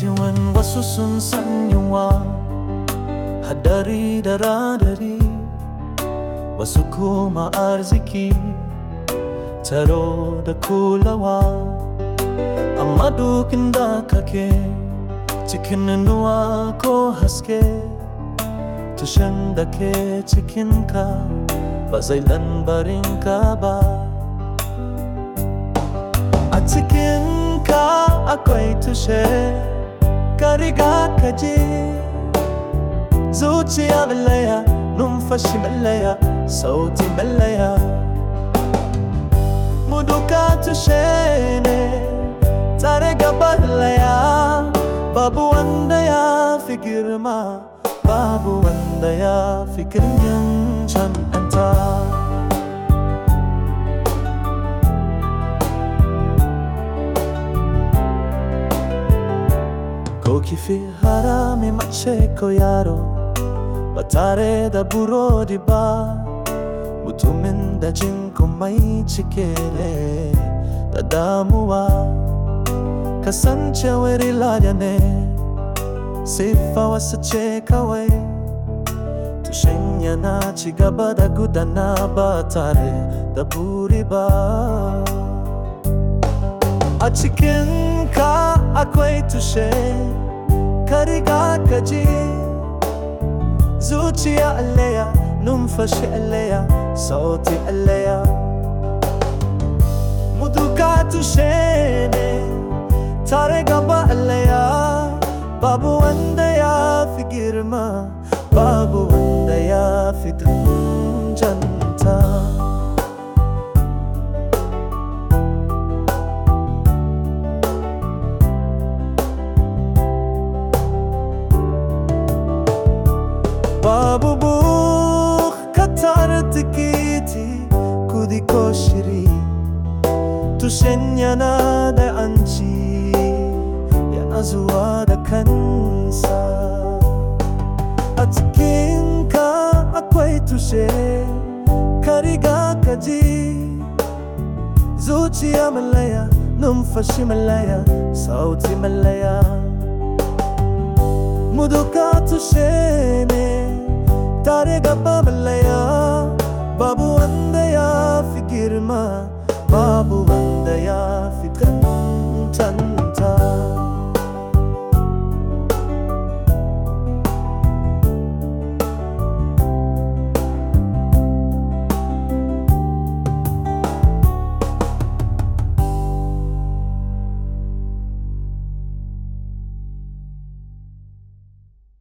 sun san sanyawa Hadari da radari Wasu kuma arziki Taro da kulawa Amma duk da kake Cikin nuwa ko haske Tushen da ke cikinka Ba zai lambarinka ba A cikinka akwai tushe leggi Zucci a velleia, non fasci belleia, sauti belleia Muduka tu scene, tarega belleia Babu andaya figirma, babu andaya figirma Chan Ukifi harami macheko yaro Batare da buro di ba Mutumin da jinko mai chikere Da damuwa Kasance weri lalya ne Sifa wasa ce kawai Tushen yana ci gaba da gudana ba tare da buri ba A cikin ka akwai tushe kaji Zuciya allaya numfashi allaya sauti allaya Muduka tushe ne tare gaba allaya Babu wanda ya fi girma babu wanda ya fi girma babu buh katar tikiti kudi koshiri tu senya na de anji ya azwa da kansa atkin ka akwai tu she kariga kaji zuchi amalaya num fashi malaya sauti malaya muduka tu shene Dare gamma malaya Babu andaya fikirma Babu andaya fikirma